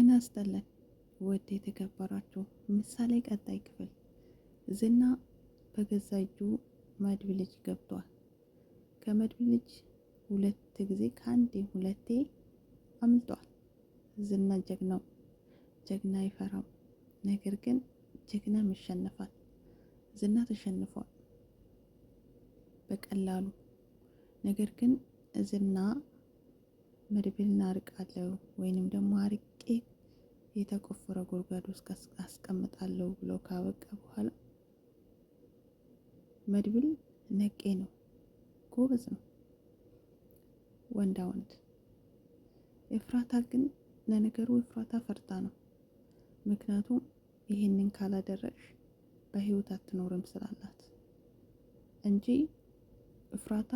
ጤና ይስጥልን ውድ የተከበራችሁ ምሳሌ ቀጣይ ክፍል። ዝና በገዛ እጁ ልጅ ገብቷል። ከመድብ ልጅ ሁለት ጊዜ ከአንዴ ሁለቴ አምልጧል። ዝና ጀግናው ጀግና አይፈራም። ነገር ግን ጀግናም ይሸነፋል። ዝና ተሸንፏል በቀላሉ ነገር ግን ዝና መድብልን አርቃለሁ ወይንም ደግሞ አርቄ የተቆፈረ ጉድጓድ ውስጥ አስቀምጣለሁ ብሎ ካበቃ በኋላ መድብል ነቄ ነው፣ ጎበዝ ነው፣ ወንዳ ወንድ። ኤፍራታ ግን ለነገሩ ኤፍራታ ፈርታ ነው። ምክንያቱም ይህንን ካላደረግሽ በህይወት አትኖርም ስላላት እንጂ እፍራታ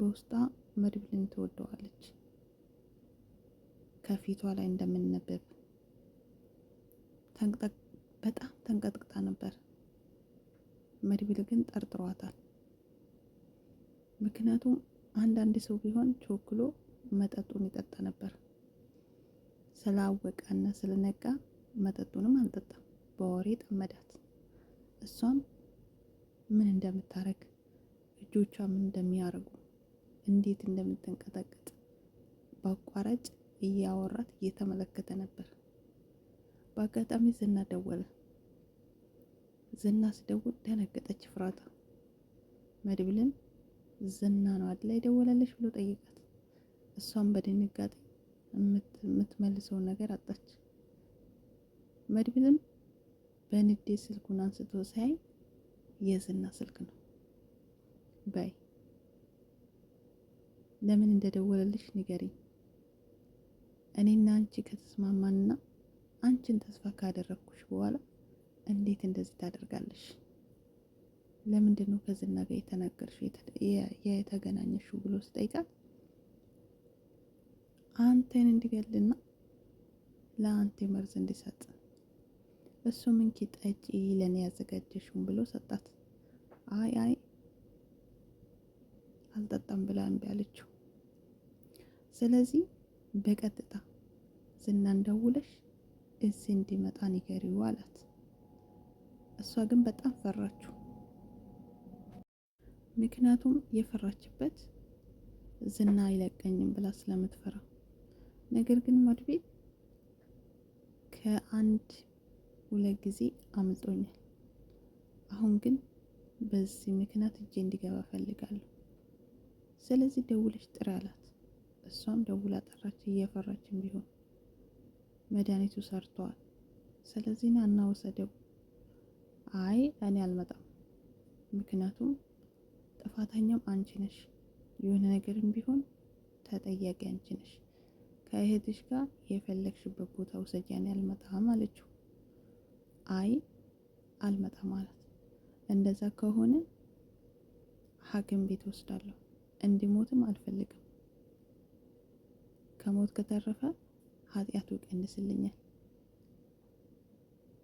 በውስጣ መድብልን ትወደዋለች። ከፊቷ ላይ እንደምንነበብ በጣም ተንቀጥቅጣ ነበር። መድብል ግን ጠርጥሯታል። ምክንያቱም አንዳንድ ሰው ቢሆን ቾክሎ መጠጡን ይጠጣ ነበር። እና ስለነቃ መጠጡንም አልጠጣም። በወሬ ጠመዳት። እሷም ምን እንደምታረግ እጆቿ ምን እንደሚያረጉ እንዴት እንደምትንቀጠቀጥ በአቋራጭ እያወራት እየተመለከተ ነበር። በአጋጣሚ ዝና ደወለ። ዝና ሲደውል ደነገጠች ፍራታ። መድብልን ዝና ነው አድላይ ደወለለች ብሎ ጠይቃት። እሷም በድንጋጤ የምትመልሰው ነገር አጣች። መድብልም በንዴ ስልኩን አንስቶ ሳይ የዝና ስልክ ነው። በይ ለምን እንደደወለልሽ ንገሪኝ እኔና አንቺ ከተስማማንና አንቺን ተስፋ ካደረግኩሽ በኋላ እንዴት እንደዚህ ታደርጋለሽ? ለምንድን ነው ከዝና ጋር የተናገርሽ የተገናኘሽው? ብሎ ስጠይቃት አንተን እንዲገልና ለአንተ መርዝ እንዲሰጥ እሱ ምንኪ ጠጪ ለእኔ ያዘጋጀሽውን ብሎ ሰጣት። አይ አይ አልጠጣም ብላ እምቢ አለችው። ስለዚህ በቀጥታ ዝናን ደውለሽ እዚህ እንዲመጣ ንገሪው አላት። እሷ ግን በጣም ፈራችሁ። ምክንያቱም የፈራችበት ዝና አይለቀኝም ብላ ስለምትፈራ። ነገር ግን ማድቤ ከአንድ ሁለት ጊዜ አምልጦኛል። አሁን ግን በዚህ ምክንያት እጄ እንዲገባ ፈልጋለሁ። ስለዚህ ደውለሽ ጥሪ አላት። እሷም ደውላ ጠራች፣ እየፈራችም ቢሆን መድኃኒቱ ሰርቷል። ስለዚህ ና እና ወሰደው። አይ እኔ አልመጣም፣ ምክንያቱም ጥፋተኛም አንቺ ነሽ፣ የሆነ ነገርም ቢሆን ተጠያቂ አንቺ ነሽ። ከእህትሽ ጋር የፈለግሽበት ቦታ ውሰጂ፣ እኔ አልመጣም አለችው። አይ አልመጣም ማለት እንደዛ ከሆነ ሐኪም ቤት ወስዳለሁ እንዲሞትም አልፈልግም ከሞት ከተረፈ ኃጢአቱ ይቀንስልኛል፣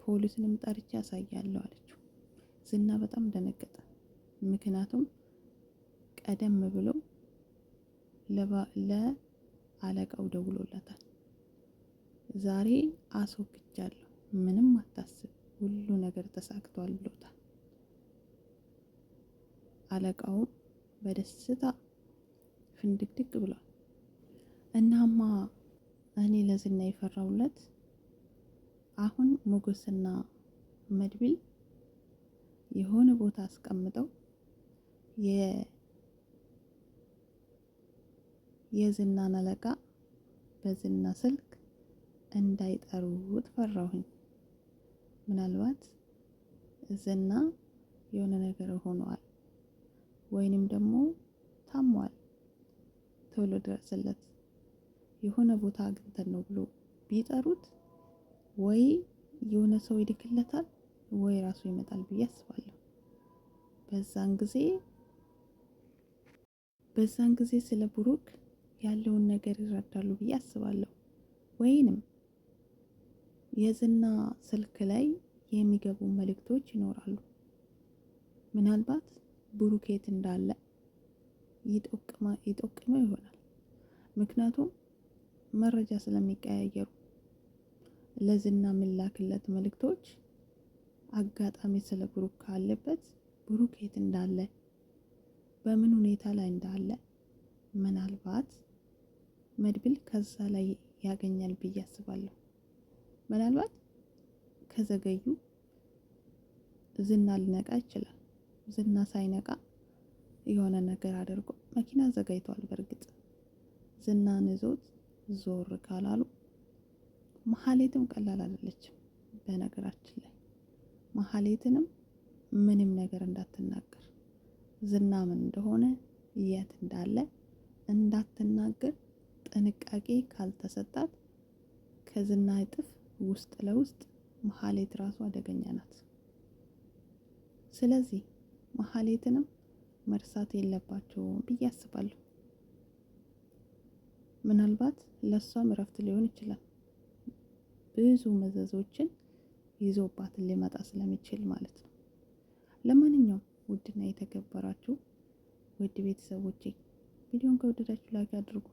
ፖሊስንም ጠርቼ አሳያለሁ አለችው። ዝና በጣም ደነገጠ። ምክንያቱም ቀደም ብሎ ለአለቃው ደውሎለታል። ዛሬ አስወግጃለሁ፣ ምንም አታስብ፣ ሁሉ ነገር ተሳክቷል ብሎታል። አለቃውም በደስታ ፍንድቅድቅ ብሏል። እናማ እኔ ለዝና የፈራውለት አሁን ሞገስና መድብል የሆነ ቦታ አስቀምጠው የዝናን አለቃ በዝና ስልክ እንዳይጠሩት ፈራሁኝ። ምናልባት ዝና የሆነ ነገር ሆኗል፣ ወይንም ደግሞ ታሟል፣ ቶሎ ድረስለት የሆነ ቦታ አግኝተን ነው ብሎ ቢጠሩት ወይ የሆነ ሰው ይልክለታል ወይ ራሱ ይመጣል ብዬ አስባለሁ። በዛን ጊዜ በዛን ጊዜ ስለ ብሩክ ያለውን ነገር ይረዳሉ ብዬ አስባለሁ። ወይንም የዝና ስልክ ላይ የሚገቡ መልእክቶች ይኖራሉ። ምናልባት ብሩክ የት እንዳለ ይጠቅመው ይሆናል ምክንያቱም መረጃ ስለሚቀያየሩ ለዝና የሚላክለት መልእክቶች አጋጣሚ ስለ ብሩክ ካለበት ብሩክ የት እንዳለ በምን ሁኔታ ላይ እንዳለ ምናልባት መድብል ከዛ ላይ ያገኛል ብዬ አስባለሁ። ምናልባት ከዘገዩ ዝና ሊነቃ ይችላል። ዝና ሳይነቃ የሆነ ነገር አድርጎ መኪና ዘጋይቷል። በእርግጥ ዝናን ይዞት ዞር ካላሉ መሀሌትም ቀላል አይደለችም። በነገራችን ላይ መሀሌትንም ምንም ነገር እንዳትናገር ዝና ምን እንደሆነ የት እንዳለ እንዳትናገር ጥንቃቄ ካልተሰጣት ከዝና እጥፍ ውስጥ ለውስጥ መሀሌት ራሱ አደገኛ ናት። ስለዚህ መሀሌትንም መርሳት የለባቸውም ብዬ አስባለሁ። ምናልባት ለእሷም እረፍት ሊሆን ይችላል። ብዙ መዘዞችን ይዞባትን ሊመጣ ስለሚችል ማለት ነው። ለማንኛውም ውድና የተከበራችሁ ውድ ቤተሰቦቼ ቪዲዮን ከወደዳችሁ ላይክ አድርጉ።